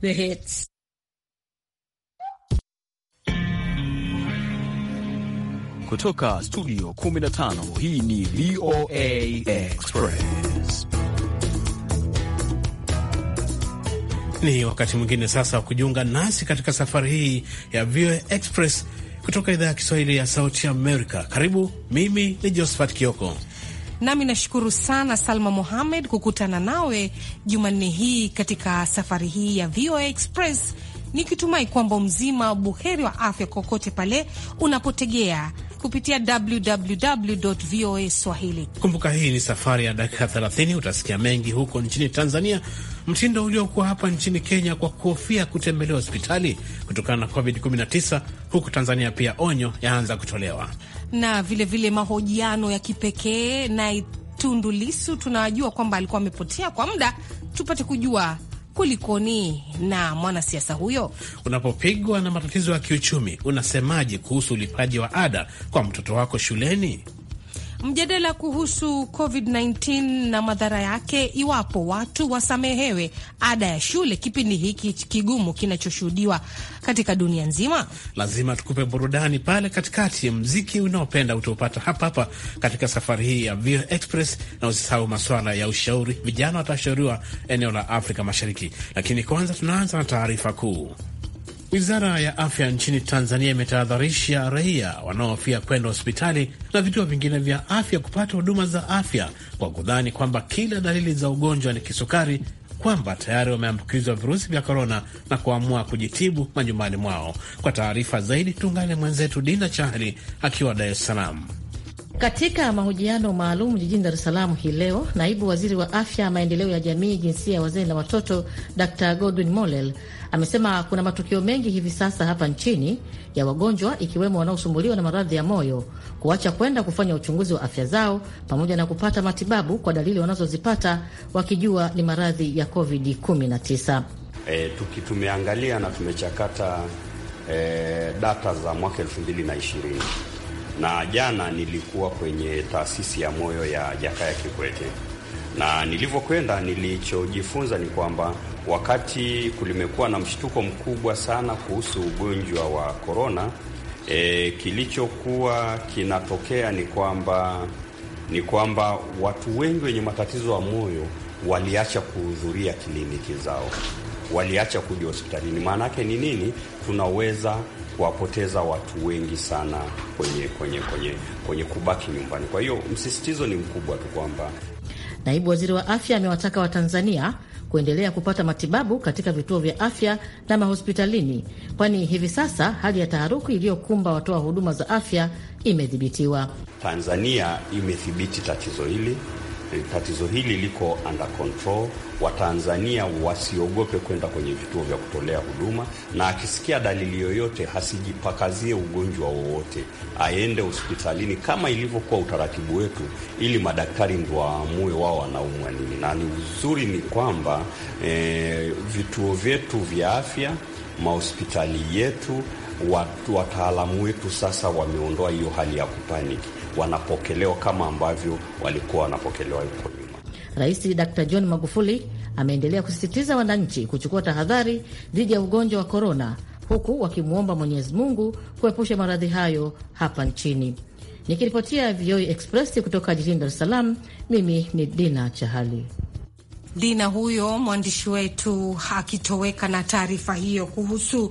The hits. Kutoka studio 15 hii ni VOA Express. Ni wakati mwingine sasa wa kujiunga nasi katika safari hii ya VOA Express kutoka idhaa ya Kiswahili ya Sauti Amerika. Karibu, mimi ni Josephat Kioko Nami nashukuru sana Salma Mohamed kukutana nawe Jumanne hii katika safari hii ya VOA Express, nikitumai kwamba mzima buheri wa afya kokote pale unapotegea kupitia www.voaswahili. Kumbuka hii ni safari ya dakika 30. Utasikia mengi huko nchini Tanzania, mtindo uliokuwa hapa nchini Kenya kwa kuhofia kutembelea hospitali kutokana na COVID-19. Huko Tanzania pia onyo yaanza kutolewa na vilevile vile mahojiano ya kipekee na Tundu Lisu. Tunajua kwamba alikuwa amepotea kwa muda, tupate kujua kulikoni na mwanasiasa huyo. Unapopigwa na matatizo ya kiuchumi, unasemaje kuhusu ulipaji wa ada kwa mtoto wako shuleni? Mjadala kuhusu COVID-19 na madhara yake, iwapo watu wasamehewe ada ya shule kipindi hiki kigumu kinachoshuhudiwa katika dunia nzima. Lazima tukupe burudani pale katikati, mziki unaopenda utaupata hapa hapa katika safari hii ya Vio Express, na usisahau maswala ya ushauri, vijana watashauriwa eneo la Afrika Mashariki. Lakini kwanza tunaanza na taarifa kuu. Wizara ya afya nchini Tanzania imetahadharisha raia wanaohofia kwenda hospitali na vituo vingine vya afya kupata huduma za afya kwa kudhani kwamba kila dalili za ugonjwa ni kisukari, kwamba tayari wameambukizwa virusi vya korona na kuamua kujitibu majumbani mwao. Kwa taarifa zaidi, tuungane mwenzetu Dina Chahali akiwa Dar es Salaam. Katika mahojiano maalum jijini Dar es Salaam hii leo, naibu waziri wa afya, maendeleo ya jamii, jinsia ya wazee na watoto, Dr Godwin Mollel amesema kuna matukio mengi hivi sasa hapa nchini ya wagonjwa, ikiwemo wanaosumbuliwa na maradhi ya moyo kuacha kwenda kufanya uchunguzi wa afya zao pamoja na kupata matibabu kwa dalili wanazozipata wakijua ni maradhi ya COVID-19. E, tuki tumeangalia na tumechakata e, data za mwaka 2020 na jana nilikuwa kwenye taasisi ya moyo ya Jakaya Kikwete, na nilivyokwenda, nilichojifunza ni kwamba wakati kulimekuwa na mshtuko mkubwa sana kuhusu ugonjwa wa korona, e, kilichokuwa kinatokea ni kwamba ni kwamba watu wengi wenye matatizo ya moyo waliacha kuhudhuria kliniki zao, waliacha kuja hospitalini. Maana yake ni nini? Tunaweza kuwapoteza watu wengi sana kwenye, kwenye, kwenye, kwenye kubaki nyumbani. Kwa hiyo msisitizo ni mkubwa tu kwamba Naibu Waziri wa Afya amewataka Watanzania kuendelea kupata matibabu katika vituo vya afya na mahospitalini, kwani hivi sasa hali ya taharuki iliyokumba watoa huduma za afya imedhibitiwa. Tanzania imethibiti tatizo hili Eh, tatizo hili liko under control. Watanzania wasiogope kwenda kwenye vituo vya kutolea huduma, na akisikia dalili yoyote hasijipakazie ugonjwa wowote, aende hospitalini kama ilivyokuwa utaratibu wetu, ili madaktari ndio waamue wao wanaumwa nini. Na ni uzuri ni kwamba e, vituo vyetu vya afya, mahospitali yetu, wataalamu wetu sasa wameondoa hiyo hali ya kupaniki wanapokelewa kama ambavyo walikuwa wanapokelewa huko nyuma. Rais Dr. John Magufuli ameendelea kusisitiza wananchi kuchukua tahadhari dhidi ya ugonjwa wa korona, huku wakimwomba Mwenyezi Mungu kuepusha maradhi hayo hapa nchini. Nikiripotia VOA e Express kutoka jijini Dar es Salaam, mimi ni Dina Chahali. Dina huyo mwandishi wetu akitoweka na taarifa hiyo kuhusu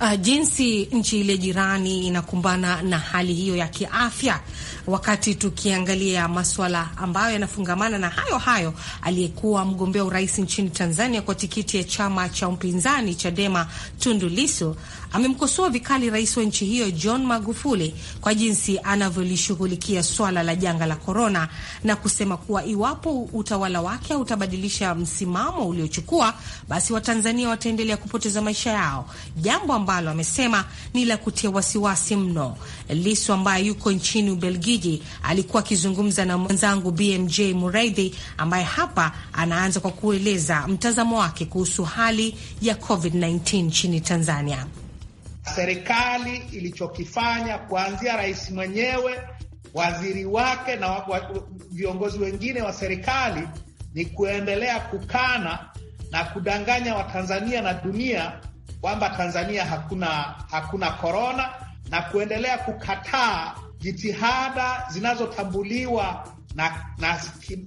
uh, jinsi nchi ile jirani inakumbana na hali hiyo ya kiafya, wakati tukiangalia masuala ambayo yanafungamana na hayo hayo. Aliyekuwa mgombea urais nchini Tanzania kwa tikiti ya chama cha upinzani Chadema Tundu Lissu amemkosoa vikali rais wa nchi hiyo John Magufuli kwa jinsi anavyolishughulikia swala la janga la korona na kusema kuwa iwapo utawala wake utabadilisha msimamo uliochukua, basi Watanzania wataendelea kupoteza maisha yao, jambo ambalo amesema ni la kutia wasiwasi mno. Lisu ambaye yuko nchini Ubelgiji alikuwa akizungumza na mwenzangu BMJ Mureithi ambaye hapa anaanza kwa kueleza mtazamo wake kuhusu hali ya COVID-19 nchini Tanzania serikali ilichokifanya kuanzia rais mwenyewe, waziri wake na wa, viongozi wengine wa serikali ni kuendelea kukana na kudanganya Watanzania na dunia kwamba Tanzania hakuna hakuna korona na kuendelea kukataa jitihada zinazotambuliwa na, na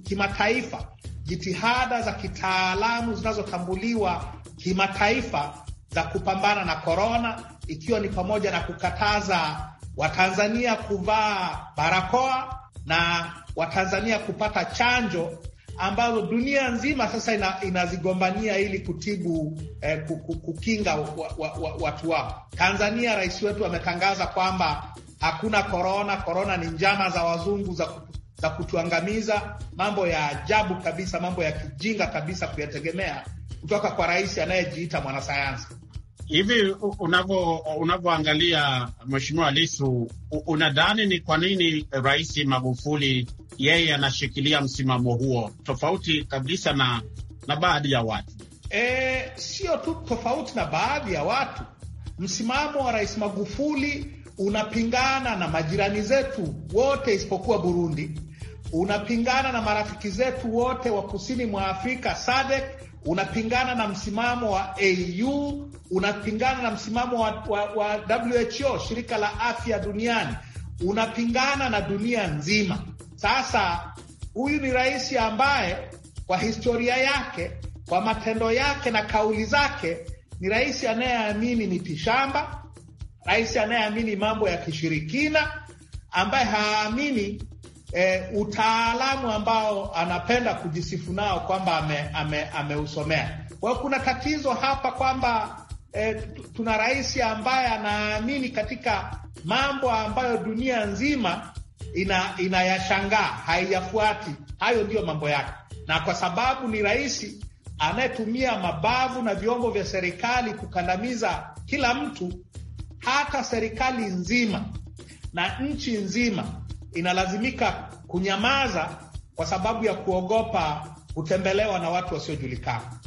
kimataifa, jitihada za kitaalamu zinazotambuliwa kimataifa za kupambana na korona ikiwa ni pamoja na kukataza Watanzania kuvaa barakoa na Watanzania kupata chanjo ambazo dunia nzima sasa ina, inazigombania ili kutibu eh, kukinga wa, wa, wa, watu wao. Tanzania, rais wetu ametangaza kwamba hakuna korona, korona ni njama za wazungu za, za kutuangamiza. Mambo ya ajabu kabisa, mambo ya kijinga kabisa kuyategemea kutoka kwa rais anayejiita mwanasayansi. Hivi unavyoangalia Mheshimiwa Lisu, unadhani ni kwa nini Rais Magufuli yeye anashikilia msimamo huo tofauti kabisa na, na baadhi ya watu? E, sio tu tofauti na baadhi ya watu. Msimamo wa Rais Magufuli unapingana na majirani zetu wote isipokuwa Burundi, unapingana na marafiki zetu wote wa kusini mwa Afrika SADC unapingana na msimamo wa AU, unapingana na msimamo wa, wa, wa WHO, shirika la afya duniani, unapingana na dunia nzima. Sasa huyu ni rais ambaye kwa historia yake, kwa matendo yake na kauli zake, ni rais anayeamini mitishamba, rais anayeamini mambo ya kishirikina, ambaye haamini e, utaalamu ambao anapenda kujisifu nao kwamba ameusomea ame, ame kwao. Kuna tatizo hapa kwamba e, tuna rais ambaye anaamini katika mambo ambayo dunia nzima ina inayashangaa haiyafuati. Hayo ndiyo mambo yake, na kwa sababu ni rais anayetumia mabavu na vyombo vya serikali kukandamiza kila mtu, hata serikali nzima na nchi nzima inalazimika kunyamaza kwa sababu ya kuogopa kutembelewa na watu wasiojulikana.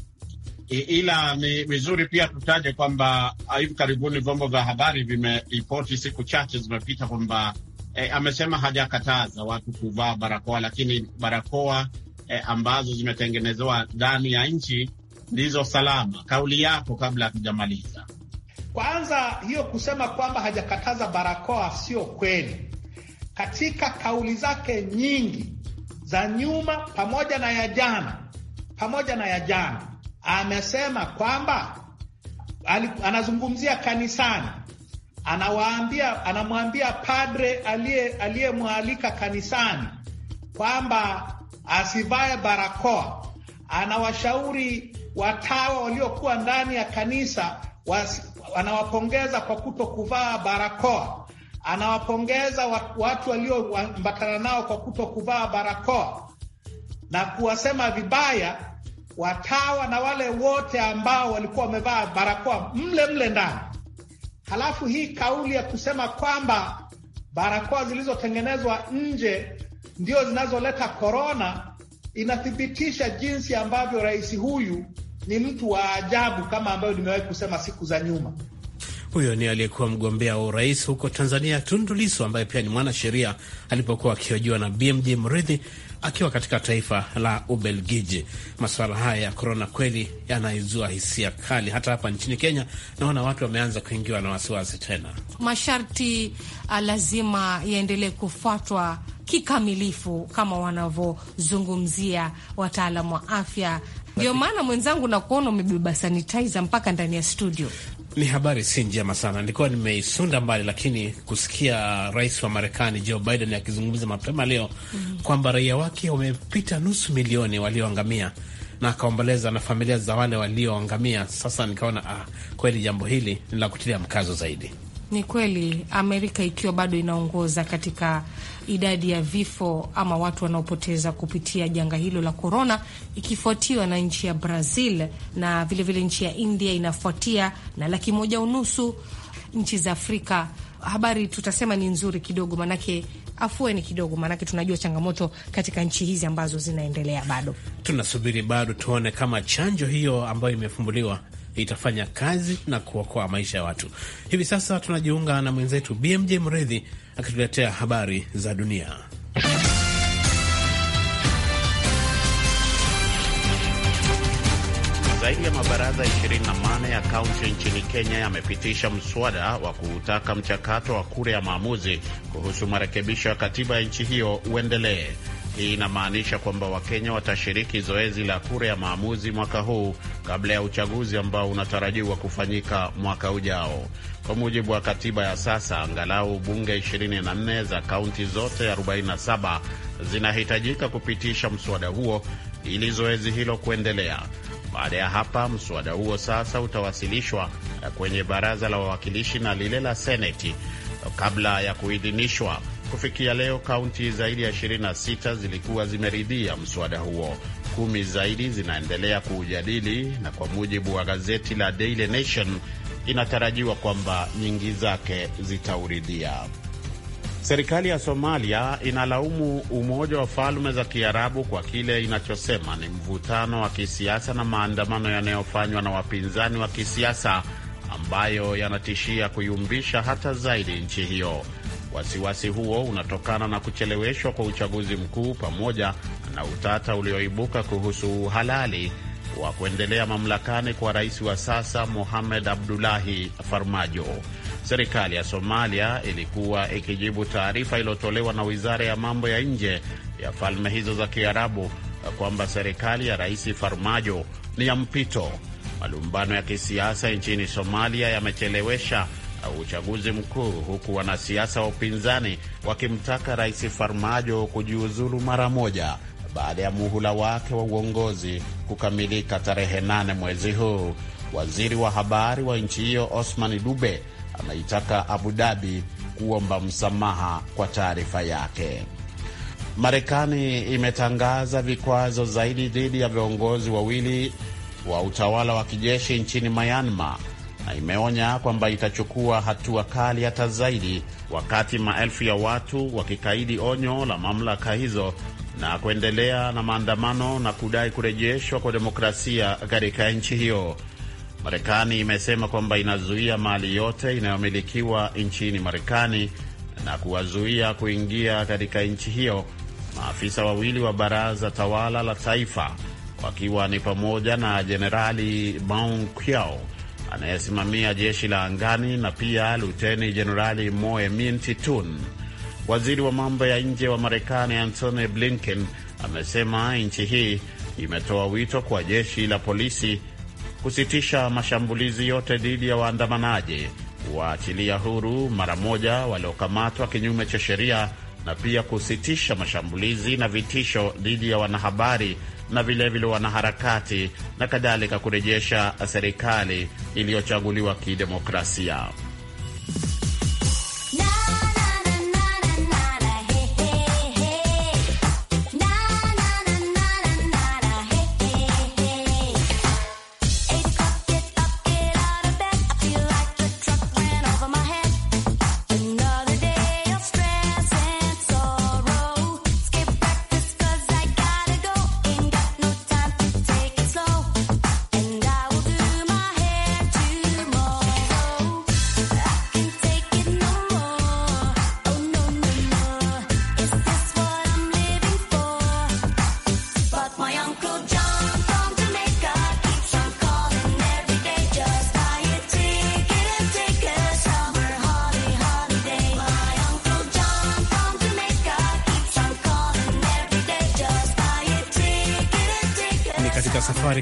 Ila ni vizuri pia tutaje kwamba ah, hivi karibuni vyombo vya habari vimeripoti siku chache zimepita kwamba e, amesema hajakataza watu kuvaa barakoa, lakini barakoa e, ambazo zimetengenezewa ndani ya nchi ndizo salama. Kauli yako kabla hatujamaliza. Kwanza hiyo kusema kwamba hajakataza barakoa sio kweli katika kauli zake nyingi za nyuma pamoja na ya jana pamoja na ya jana amesema kwamba anazungumzia kanisani, anawaambia anamwambia padre aliyemwalika kanisani kwamba asivae barakoa, anawashauri watawa waliokuwa ndani ya kanisa was, anawapongeza kwa kuto kuvaa barakoa Anawapongeza watu walioambatana nao kwa kuto kuvaa barakoa na kuwasema vibaya watawa na wale wote ambao walikuwa wamevaa barakoa mle mle ndani. Halafu hii kauli ya kusema kwamba barakoa zilizotengenezwa nje ndio zinazoleta korona inathibitisha jinsi ambavyo rais huyu ni mtu wa ajabu, kama ambayo nimewahi kusema siku za nyuma. Huyo ni aliyekuwa mgombea wa urais huko Tanzania, Tundu Lissu, ambaye pia ni mwanasheria, alipokuwa akihojiwa na BMJ Mridhi akiwa katika taifa la Ubelgiji. Masuala haya ya korona kweli yanaizua hisia kali, hata hapa nchini Kenya naona watu wameanza kuingiwa na wasiwasi tena. Masharti ah, lazima yaendelee kufuatwa kikamilifu kama wanavyozungumzia wataalamu wa afya. Ndio maana mwenzangu, nakuona umebeba sanitizer mpaka ndani ya studio. Ni habari si njema sana, nilikuwa nimeisunda mbali, lakini kusikia rais wa Marekani Joe Biden akizungumza mapema leo mm -hmm. kwamba raia wake wamepita nusu milioni walioangamia na akaomboleza na familia za wale walioangamia. Sasa nikaona ah, kweli jambo hili ni la kutilia mkazo zaidi. Ni kweli Amerika ikiwa bado inaongoza katika idadi ya vifo ama watu wanaopoteza kupitia janga hilo la korona, ikifuatiwa na nchi ya Brazil na vilevile vile nchi ya India inafuatia na laki moja unusu nchi za Afrika. Habari tutasema ni nzuri kidogo, manake afueni kidogo, maanake tunajua changamoto katika nchi hizi ambazo zinaendelea. Bado tunasubiri, bado tuone kama chanjo hiyo ambayo imefumbuliwa itafanya kazi na kuokoa maisha ya watu. Hivi sasa tunajiunga na mwenzetu BMJ Mredhi akituletea habari za dunia. Zaidi ya mabaraza 28 ya kaunti nchini Kenya yamepitisha mswada wa kuutaka mchakato wa kura ya maamuzi kuhusu marekebisho ya katiba ya nchi hiyo uendelee. Hii inamaanisha kwamba Wakenya watashiriki zoezi la kura ya maamuzi mwaka huu kabla ya uchaguzi ambao unatarajiwa kufanyika mwaka ujao. Kwa mujibu wa katiba ya sasa, angalau bunge 24 za kaunti zote 47 zinahitajika kupitisha mswada huo ili zoezi hilo kuendelea. Baada ya hapa, mswada huo sasa utawasilishwa kwenye baraza la wawakilishi na lile la seneti kabla ya kuidhinishwa. Kufikia leo kaunti zaidi ya 26 zilikuwa zimeridhia mswada huo, kumi zaidi zinaendelea kuujadili, na kwa mujibu wa gazeti la Daily Nation inatarajiwa kwamba nyingi zake zitauridhia. Serikali ya Somalia inalaumu Umoja wa Falme za Kiarabu kwa kile inachosema ni mvutano wa kisiasa na maandamano yanayofanywa na wapinzani wa kisiasa ambayo yanatishia kuyumbisha hata zaidi nchi hiyo. Wasiwasi huo unatokana na kucheleweshwa kwa uchaguzi mkuu pamoja na utata ulioibuka kuhusu uhalali wa kuendelea mamlakani kwa rais wa sasa Mohamed Abdullahi Farmajo. Serikali ya Somalia ilikuwa ikijibu taarifa iliyotolewa na wizara ya mambo ya nje ya falme hizo za Kiarabu kwamba serikali ya rais Farmajo ni ya mpito. Malumbano ya kisiasa nchini Somalia yamechelewesha uchaguzi mkuu, huku wanasiasa wa upinzani wakimtaka Rais Farmajo kujiuzulu mara moja baada ya muhula wake wa uongozi kukamilika tarehe nane mwezi huu. Waziri wa habari wa nchi hiyo Osman Dube ameitaka Abu Dhabi kuomba msamaha kwa taarifa yake. Marekani imetangaza vikwazo zaidi dhidi ya viongozi wawili wa utawala wa kijeshi nchini Myanmar na imeonya kwamba itachukua hatua kali hata zaidi, wakati maelfu ya watu wakikaidi onyo la mamlaka hizo na kuendelea na maandamano na kudai kurejeshwa kwa demokrasia katika nchi hiyo. Marekani imesema kwamba inazuia mali yote inayomilikiwa nchini Marekani na kuwazuia kuingia katika nchi hiyo maafisa wawili wa baraza tawala la taifa wakiwa ni pamoja na Jenerali Bong Kyao anayesimamia jeshi la angani na pia Luteni Jenerali moe Titun. Waziri wa mambo ya nje wa Marekani Antony Blinken amesema nchi hii imetoa wito kwa jeshi la polisi kusitisha mashambulizi yote dhidi ya waandamanaji, kuwaachilia huru mara moja waliokamatwa kinyume cha sheria na pia kusitisha mashambulizi na vitisho dhidi ya wanahabari na vilevile wanaharakati na kadhalika, kurejesha serikali iliyochaguliwa kidemokrasia.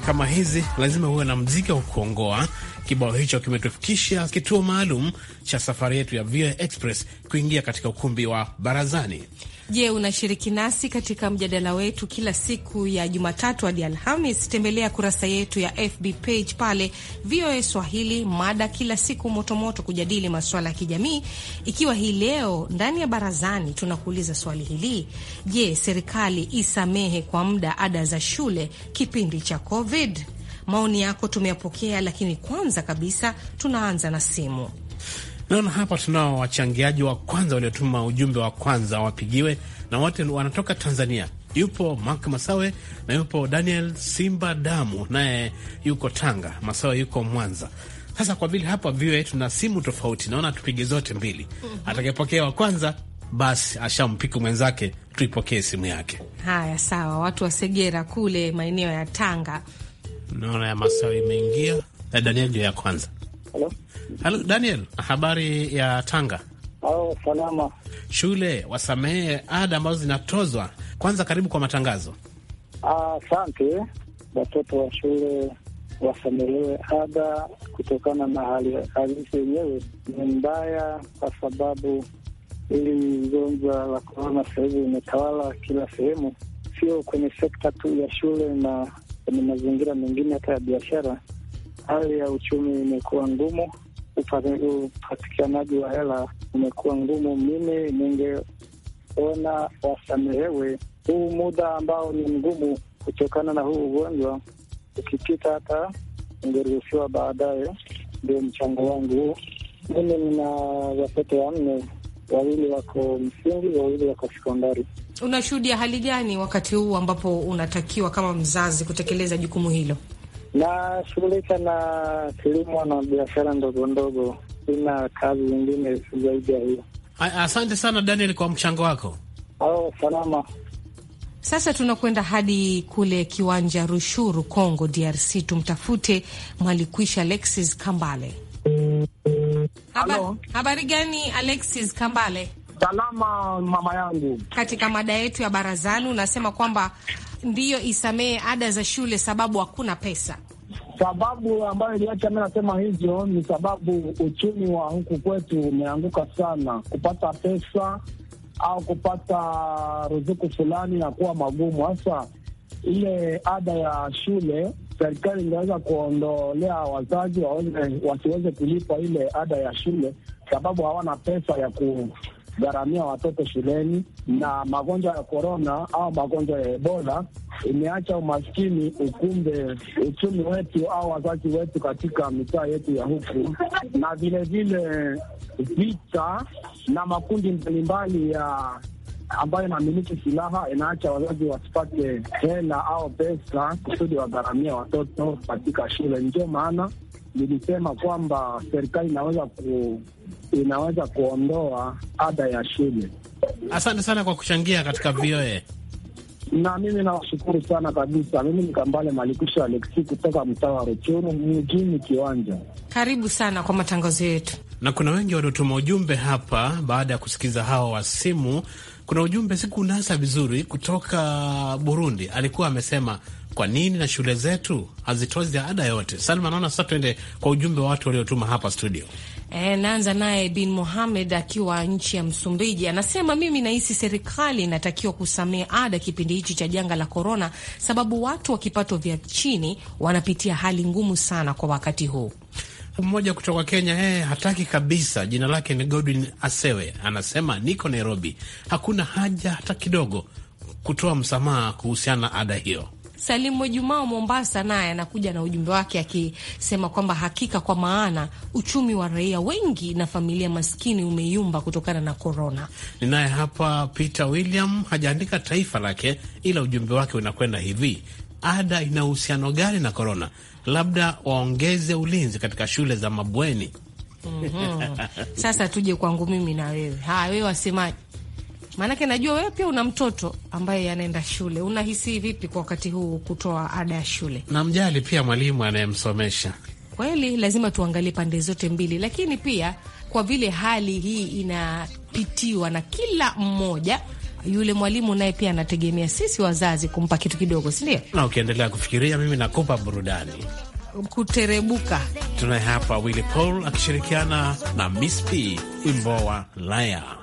kama hizi lazima uwe na mziki wa kuongoa Kibao hicho kimetufikisha kituo maalum cha safari yetu ya VOA Express kuingia katika ukumbi wa barazani. Je, unashiriki nasi katika mjadala wetu kila siku ya Jumatatu hadi Alhamis? Tembelea kurasa yetu ya FB page pale VOA Swahili, mada kila siku motomoto, kujadili masuala ya kijamii. Ikiwa hii leo ndani ya barazani tunakuuliza swali hili: je, serikali isamehe kwa muda ada za shule kipindi cha COVID? Maoni yako tumeyapokea, lakini kwanza kabisa tunaanza na simu. Naona hapa tunao wachangiaji wa kwanza waliotuma ujumbe wa kwanza wapigiwe, na wote wanatoka Tanzania. Yupo Mak Masawe na yupo Daniel Simba Damu, naye yuko Tanga. Masawe yuko Mwanza. Sasa kwa vile hapa vioe tuna simu tofauti, naona tupige zote mbili. Mhm. Atakayepokea wa kwanza basi ashampiku mwenzake, tuipokee simu yake. Haya, sawa. Watu wa Segera kule maeneo ya Tanga Naona ya masawi imeingia. Eh, Daniel ndio ya kwanza. Halo. Halo Daniel, habari ya Tanga? Oh, salama. Shule wasamehe ada ambazo zinatozwa. Kwanza karibu kwa matangazo. Asante. Ah, watoto wa shule wasamehewe ada kutokana na hali halisi yenyewe ni mbaya, kwa sababu ili gonjwa la korona sahizi imetawala kila sehemu, sio kwenye sekta tu ya shule na kwenye mazingira mengine hata ya biashara, hali ya uchumi imekuwa ngumu, upatikanaji wa hela umekuwa ngumu. Mimi ningeona wasamehewe huu muda ambao ni mgumu kutokana na huu ugonjwa. Ukipita hata ungeruhusiwa baadaye. Ndio mchango wangu huu. Mimi nina watoto wanne, wawili wako msingi, wawili wako sekondari. Unashuhudia hali gani wakati huu ambapo unatakiwa kama mzazi kutekeleza jukumu hilo? Nashughulika na kilimo na biashara ndogo ndogo, sina kazi nyingine zaidi ya hiyo. Asante sana Daniel kwa mchango wako. Oh, salama. Sasa tunakwenda hadi kule kiwanja Rushuru, Congo DRC, tumtafute mwalikwisha Alexis Kambale. habari gani Alexis Kambale? Salama mama yangu. Katika mada yetu ya barazani unasema kwamba ndiyo isamehe ada za shule sababu hakuna pesa. Sababu ambayo iliacha mi nasema hivyo ni sababu uchumi wa huku kwetu umeanguka sana, kupata pesa au kupata ruzuku fulani na kuwa magumu. Hasa ile ada ya shule, serikali ingeweza kuondolea wazazi wasiweze kulipa ile ada ya shule, sababu hawana pesa ya ku gharamia watoto shuleni, na magonjwa ya korona au magonjwa ya Ebola imeacha umaskini ukumbe uchumi wetu au wazazi wetu katika mitaa yetu ya huku, na vilevile vita na makundi mbalimbali ya ambayo inamiliki silaha inaacha wazazi wasipate hela au pesa kusudi wagharamia watoto katika shule. Ndio maana nilisema kwamba serikali inaweza ku, inaweza kuondoa ada ya shule. Asante sana kwa kuchangia katika VOA na mimi nawashukuru sana kabisa. Mimi ni Kambale Malikusha Alexi kutoka mtaa wa Rochoro mjini Kiwanja. Karibu sana kwa matangazo yetu, na kuna wengi waliotuma ujumbe hapa baada ya kusikiza hawa wa simu. Kuna ujumbe sikunasa vizuri kutoka Burundi, alikuwa amesema kwa nini na shule zetu hazitozi ada yote? Salma, naona sasa tuende kwa ujumbe wa watu waliotuma hapa studio. E, naanza naye bin Mohamed akiwa nchi ya Msumbiji, anasema mimi nahisi serikali inatakiwa kusamea ada kipindi hichi cha janga la korona, sababu watu wa kipato vya chini wanapitia hali ngumu sana kwa wakati huu. Mmoja kutoka Kenya, yeye eh, hataki kabisa. Jina lake ni Godwin Asewe, anasema niko Nairobi, hakuna haja hata kidogo kutoa msamaha kuhusiana na ada hiyo. Salimu Jumao Mombasa naye anakuja na ujumbe wake akisema kwamba hakika, kwa maana uchumi wa raia wengi na familia maskini umeyumba kutokana na korona. Ninaye hapa Peter William, hajaandika taifa lake, ila ujumbe wake unakwenda hivi: ada ina uhusiano gani na korona? Labda waongeze ulinzi katika shule za mabweni. Mm -hmm. Sasa tuje kwangu mimi na wewe. Haya, wewe wasemaje? Maanake najua wewe pia una mtoto ambaye anaenda shule, unahisi vipi kwa wakati huu kutoa ada ya shule? Namjali pia mwalimu anayemsomesha. Kweli lazima tuangalie pande zote mbili, lakini pia kwa vile hali hii inapitiwa na kila mmoja yule mwalimu naye pia anategemea sisi wazazi kumpa kitu kidogo, si ndio? Na ukiendelea kufikiria, mimi nakupa burudani kuterebuka. Tunaye hapa Willy Paul akishirikiana na Miss P, wimbo wa Laya.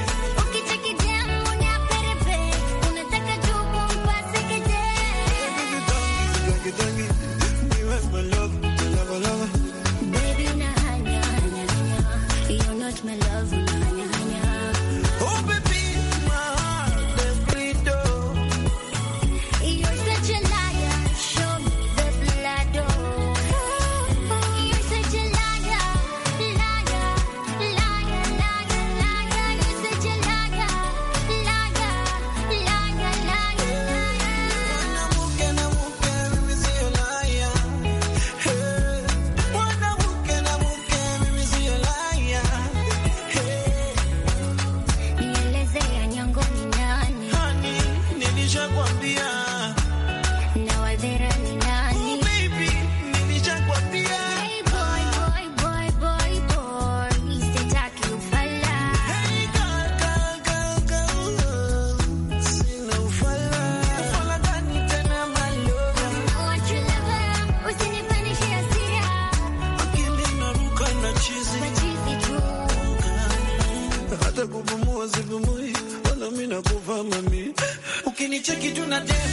Nicheki tunatesa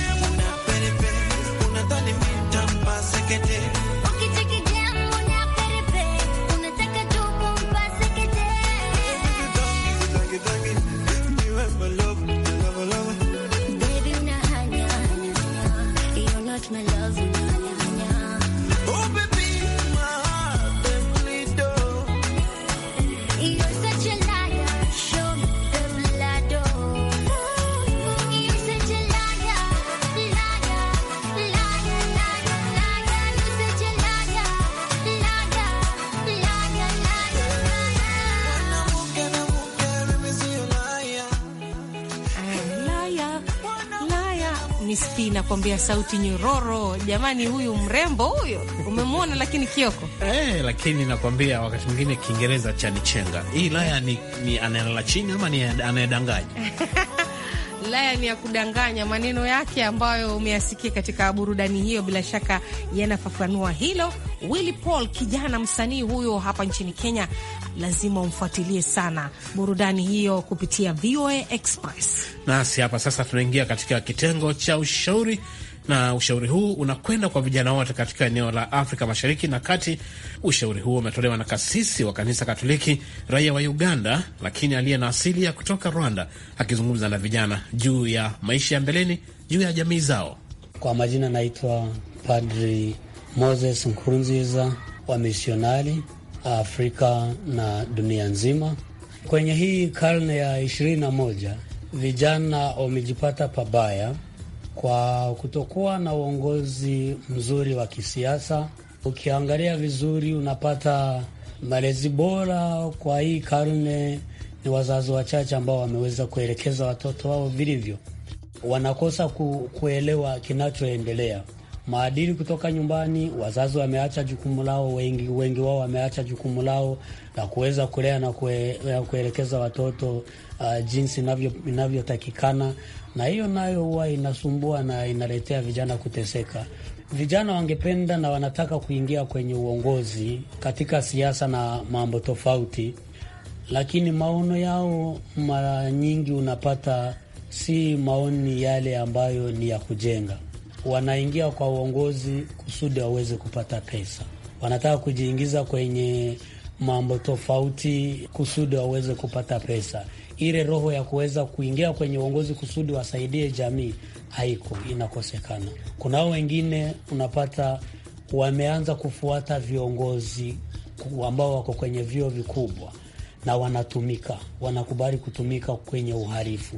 na nakwambia, sauti nyororo jamani, huyu mrembo huyo umemwona. Lakini Kioko eh, lakini nakwambia wakati mwingine Kiingereza chanichenga hii laya ni, ni anaelala chini ama ni anayedanganya Laya ni ya kudanganya. Maneno yake ambayo umeyasikia katika burudani hiyo, bila shaka yanafafanua hilo Willy Paul, kijana msanii huyo hapa nchini Kenya, lazima umfuatilie sana. Burudani hiyo kupitia VOA Express. Nasi hapa sasa tunaingia katika kitengo cha ushauri na ushauri huu unakwenda kwa vijana wote katika eneo la Afrika Mashariki na Kati. Ushauri huu umetolewa na kasisi wa kanisa Katoliki, raia wa Uganda lakini aliye na asili ya kutoka Rwanda, akizungumza na vijana juu ya maisha ya mbeleni, juu ya jamii zao. Kwa majina naitwa Padri Moses Nkurunziza, misionari Afrika na dunia nzima. Kwenye hii karne ya ishirini na moja vijana wamejipata pabaya kwa kutokuwa na uongozi mzuri wa kisiasa. Ukiangalia vizuri, unapata malezi bora kwa hii karne ni wazazi wachache ambao wameweza kuelekeza watoto wao vilivyo, wanakosa ku, kuelewa kinachoendelea maadili kutoka nyumbani. Wazazi wameacha jukumu lao, wengi wengi wao wameacha jukumu lao la kuweza kulea na kue, kuelekeza watoto uh, jinsi inavyotakikana, na hiyo nayo huwa inasumbua na inaletea vijana kuteseka. Vijana wangependa na wanataka kuingia kwenye uongozi katika siasa na mambo tofauti, lakini maono yao mara nyingi unapata si maoni yale ambayo ni ya kujenga wanaingia kwa uongozi kusudi waweze kupata pesa, wanataka kujiingiza kwenye mambo tofauti kusudi waweze kupata pesa. Ile roho ya kuweza kuingia kwenye uongozi kusudi wasaidie jamii haiko, inakosekana. Kunao wengine unapata wameanza kufuata viongozi ambao wako kwenye vyuo vikubwa na wanatumika, wanakubali kutumika kwenye uhalifu,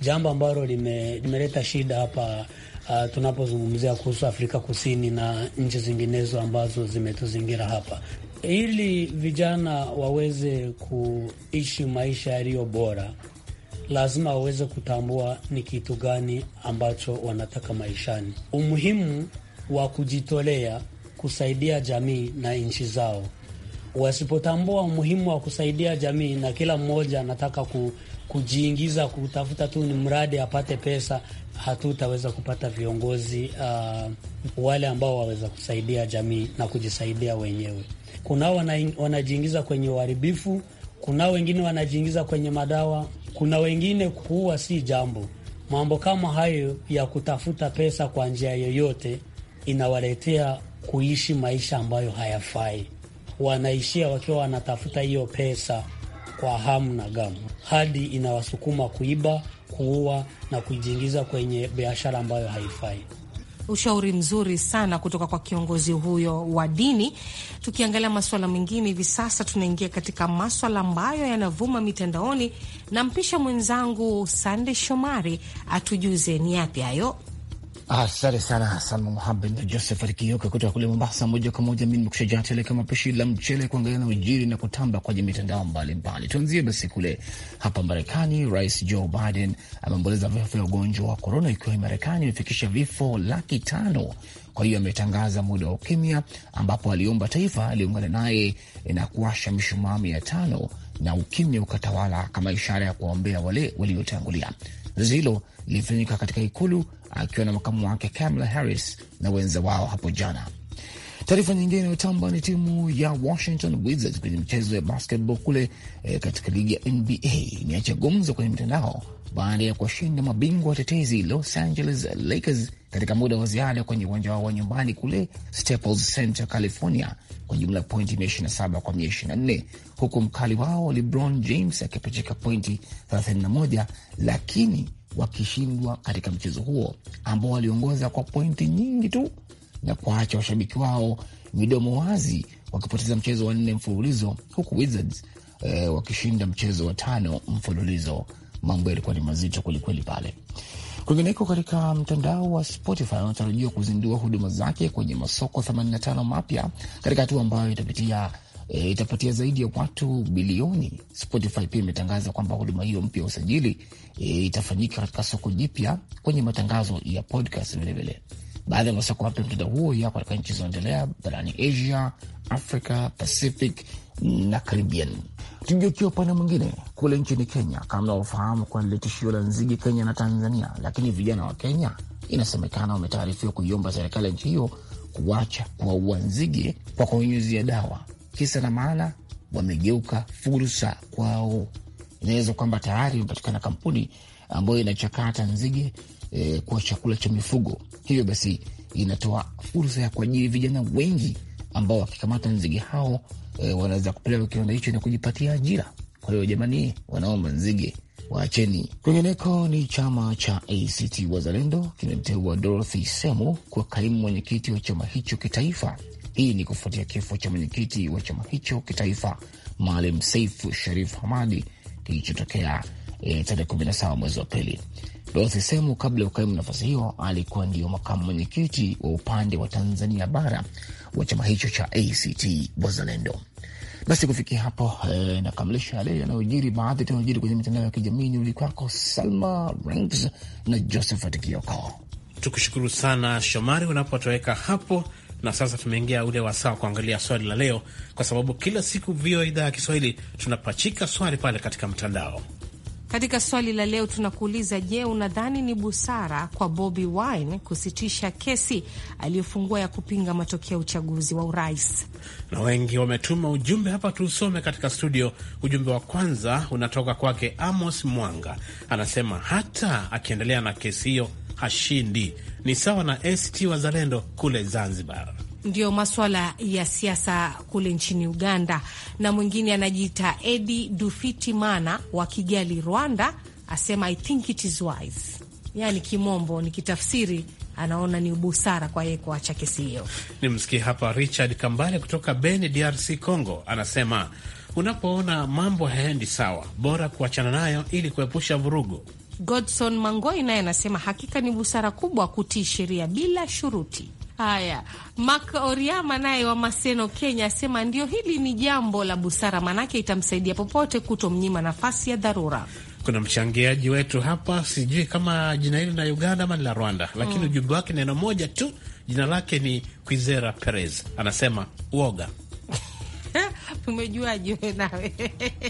jambo ambalo limeleta shida hapa uh, tunapozungumzia kuhusu Afrika Kusini na nchi zinginezo ambazo zimetuzingira hapa, ili vijana waweze kuishi maisha yaliyo bora, lazima waweze kutambua ni kitu gani ambacho wanataka maishani, umuhimu wa kujitolea kusaidia jamii na nchi zao. Wasipotambua umuhimu wa kusaidia jamii na kila mmoja anataka ku kujiingiza kutafuta tu ni mradi apate pesa, hatutaweza kupata viongozi uh, wale ambao waweza kusaidia jamii na kujisaidia wenyewe. Kunao wanajiingiza kwenye uharibifu, kunao wengine wanajiingiza kwenye madawa, kuna wengine kuua si jambo. Mambo kama hayo ya kutafuta pesa kwa njia yoyote inawaletea kuishi maisha ambayo hayafai, wanaishia wakiwa wanatafuta hiyo pesa kwa hamu na gamu hadi inawasukuma kuiba, kuua na kujiingiza kwenye biashara ambayo haifai. Ushauri mzuri sana kutoka kwa kiongozi huyo wa dini. Tukiangalia maswala mengine, hivi sasa tunaingia katika maswala ambayo yanavuma mitandaoni, na mpisha mwenzangu Sande Shomari atujuze ni yapi hayo. Asante sana Salma Muhamed na Joseph Arikioka kutoka kule Mombasa. Moja kwa moja, mimi mekusha jaa tele kama pishi la mchele, kuangalia na ujiri na kutamba kwenye mitandao mbalimbali. Tuanzie basi kule hapa Marekani. Rais Joe Biden ameomboleza vifo vya ugonjwa wa korona, ikiwa Marekani imefikisha vifo laki tano. Kwa hiyo ametangaza muda wa ukimya, ambapo aliomba taifa aliungana naye na kuasha mishumaa mia tano na ukimya ukatawala kama ishara ya kuwaombea wale waliotangulia. Zoezi hilo lilifanyika katika ikulu akiwa na makamu wake Kamala Harris na wenza wao hapo jana. Taarifa nyingine inayotamba ni timu ya Washington Wizards kwenye mchezo ya basketball kule e, katika ligi ya NBA imeacha gumzo kwenye mitandao baada ya kuwashinda mabingwa watetezi Los Angeles Lakers katika muda wa ziada kwenye uwanja wao wa nyumbani kule Staples Center, California, kwa jumla pointi 27 kwa 24 huku mkali wao LeBron James akipachika pointi 31, lakini wakishindwa katika mchezo huo ambao waliongoza kwa pointi nyingi tu na kuacha washabiki wao midomo wazi wakipoteza mchezo wa nne mfululizo huku Wizards eh, wakishinda mchezo wa tano mfululizo. Mambo yalikuwa ni mazito kwelikweli pale. Kwingineko, katika mtandao wa Spotify unatarajiwa kuzindua huduma zake kwenye masoko 85 mapya katika hatua ambayo itapitia E, itapatia zaidi ya watu bilioni. Spotify pia imetangaza kwamba huduma hiyo mpya ya usajili e, itafanyika katika soko jipya kwenye matangazo ya podcast vilevile. Baadhi ya masoko mapya mtindo huo yako katika nchi zinaendelea barani Asia, Africa, Pacific na Caribbean. Tugeukia upande mwingine kule nchini Kenya. Kama mnavyofahamu, kuna tishio la nzige Kenya na Tanzania, lakini vijana wa Kenya inasemekana wametaarifiwa kuiomba serikali ya nchi hiyo kuacha kuwaua nzige kwa kunyunyizia dawa. Kisa na maana, wamegeuka fursa kwao. Inaweza kwamba tayari imepatikana kampuni ambayo inachakata nzige eh, kuwa chakula cha mifugo. Hivyo basi inatoa fursa ya kuajiri vijana wengi ambao wakikamata nzige hao eh, wanaweza kupeleka kiwanda hicho na kujipatia ajira. Kwa hiyo jamani, wanaomba nzige waacheni. Kwingineko ni chama cha ACT Wazalendo kimemteua Dorothy Semu kuwa kaimu mwenyekiti wa chama hicho kitaifa. Hii ni kufuatia kifo cha mwenyekiti wa chama hicho kitaifa Maalim Seifu Sharif Hamadi kilichotokea eh, tarehe 17 mwezi wa pili. Dorothy Semu kabla ya ukaimu nafasi hiyo alikuwa ndio makamu mwenyekiti wa upande wa Tanzania bara wa chama hicho cha ACT Wazalendo. Basi kufikia hapo eh, nakamilisha yale yanayojiri, baadhi tunaojiri kwenye mitandao ya kijamii. Ni kwako Salma Ranks na Josephat Kioko, tukushukuru sana Shomari unapotoweka hapo. Na sasa tumeingia ule wasaa wa kuangalia swali la leo, kwa sababu kila siku VOA idhaa ya Kiswahili tunapachika swali pale katika mtandao katika swali la leo tunakuuliza, je, unadhani ni busara kwa Bobi Wine kusitisha kesi aliyofungua ya kupinga matokeo ya uchaguzi wa urais? Na wengi wametuma ujumbe hapa, tuusome katika studio. Ujumbe wa kwanza unatoka kwake Amos Mwanga, anasema hata akiendelea na kesi hiyo hashindi, ni sawa na ACT Wazalendo kule Zanzibar ndio maswala ya siasa kule nchini Uganda, na mwingine anajiita Edi dufiti mana wa Kigali, Rwanda, asema I think it is wise, yaani kimombo anaona ni busara kwa yeye kuacha kesi hiyo. Nimsikie hapa Richard Kambale kutoka Beni, DRC Congo, anasema unapoona mambo hayaendi sawa, bora kuachana nayo ili kuepusha vurugu. Godson Mangoi naye anasema hakika ni busara kubwa kutii sheria bila shuruti. Haya, Mak Oriama naye wa Maseno, Kenya, asema ndio, hili ni jambo la busara, maanake itamsaidia popote kutomnyima nafasi ya dharura. Kuna mchangiaji wetu hapa, sijui kama jina hili na Uganda ama ni la Rwanda, lakini mm, ujumbe wake neno moja tu, jina lake ni Quizera Perez, anasema uoga Umejuaje we nawe?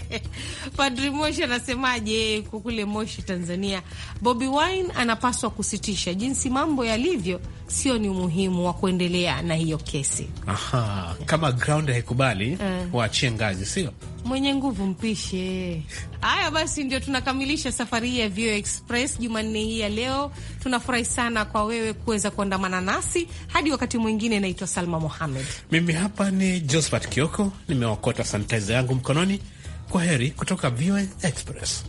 Padri Moshi anasemaje kukule Moshi, Tanzania? Bobi Wine anapaswa kusitisha jinsi mambo yalivyo sio ni umuhimu wa kuendelea na hiyo kesi. Aha, kama ground haikubali uh, waachie ngazi, sio mwenye nguvu mpishe. Haya basi, ndio tunakamilisha safari hii ya VOA Express Jumanne hii ya leo. Tunafurahi sana kwa wewe kuweza kuandamana nasi hadi wakati mwingine. Naitwa Salma Mohamed, mimi hapa ni Josephat Kioko, nimewakota sanitizer yangu mkononi. Kwa heri kutoka VOA Express.